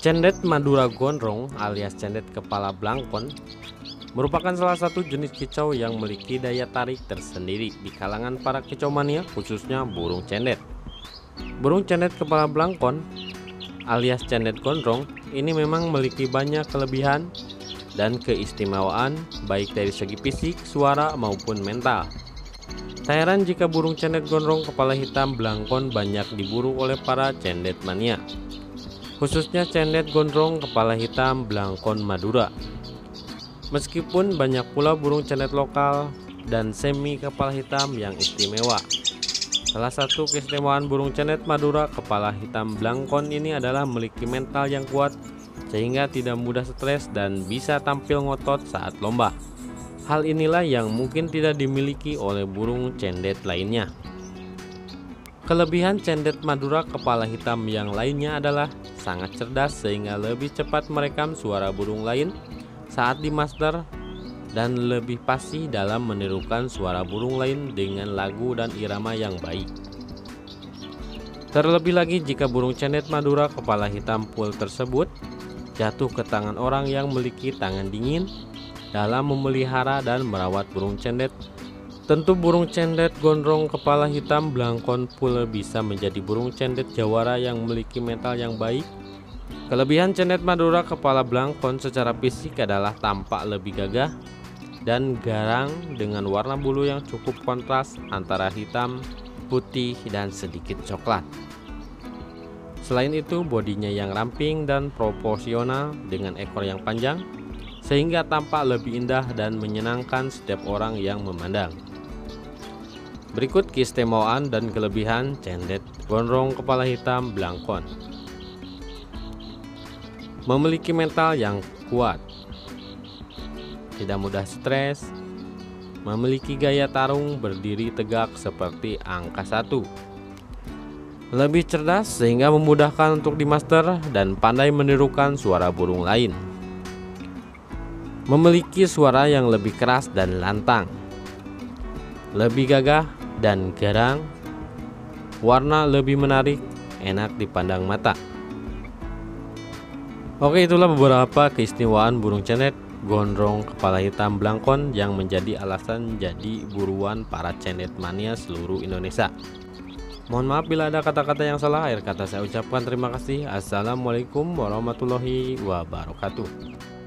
Cendet Madura Gondrong alias cendet kepala blangkon merupakan salah satu jenis kicau yang memiliki daya tarik tersendiri di kalangan para kicau mania khususnya burung cendet. Burung cendet kepala blangkon alias cendet gondrong ini memang memiliki banyak kelebihan dan keistimewaan baik dari segi fisik, suara maupun mental. Tak heran jika burung cendet gondrong kepala hitam blangkon banyak diburu oleh para cendet mania khususnya cendet gondrong kepala hitam blangkon Madura. Meskipun banyak pula burung cendet lokal dan semi kepala hitam yang istimewa. Salah satu keistimewaan burung cendet Madura kepala hitam blangkon ini adalah memiliki mental yang kuat sehingga tidak mudah stres dan bisa tampil ngotot saat lomba. Hal inilah yang mungkin tidak dimiliki oleh burung cendet lainnya. Kelebihan cendet Madura kepala hitam yang lainnya adalah sangat cerdas sehingga lebih cepat merekam suara burung lain saat dimaster dan lebih pasti dalam menirukan suara burung lain dengan lagu dan irama yang baik. Terlebih lagi jika burung cendet Madura kepala hitam full tersebut jatuh ke tangan orang yang memiliki tangan dingin dalam memelihara dan merawat burung cendet Tentu burung cendet gondrong kepala hitam blangkon pula bisa menjadi burung cendet jawara yang memiliki mental yang baik. Kelebihan cendet madura kepala blangkon secara fisik adalah tampak lebih gagah dan garang dengan warna bulu yang cukup kontras antara hitam, putih, dan sedikit coklat. Selain itu, bodinya yang ramping dan proporsional dengan ekor yang panjang, sehingga tampak lebih indah dan menyenangkan setiap orang yang memandang. Berikut keistimewaan dan kelebihan cendet gondrong kepala hitam blangkon. Memiliki mental yang kuat. Tidak mudah stres. Memiliki gaya tarung berdiri tegak seperti angka satu. Lebih cerdas sehingga memudahkan untuk dimaster dan pandai menirukan suara burung lain. Memiliki suara yang lebih keras dan lantang. Lebih gagah dan garang, warna lebih menarik, enak dipandang mata. Oke, itulah beberapa keistimewaan burung cenet gondrong kepala hitam belangkon yang menjadi alasan jadi buruan para cenet mania seluruh Indonesia. Mohon maaf bila ada kata-kata yang salah. Air kata saya ucapkan terima kasih. Assalamualaikum warahmatullahi wabarakatuh.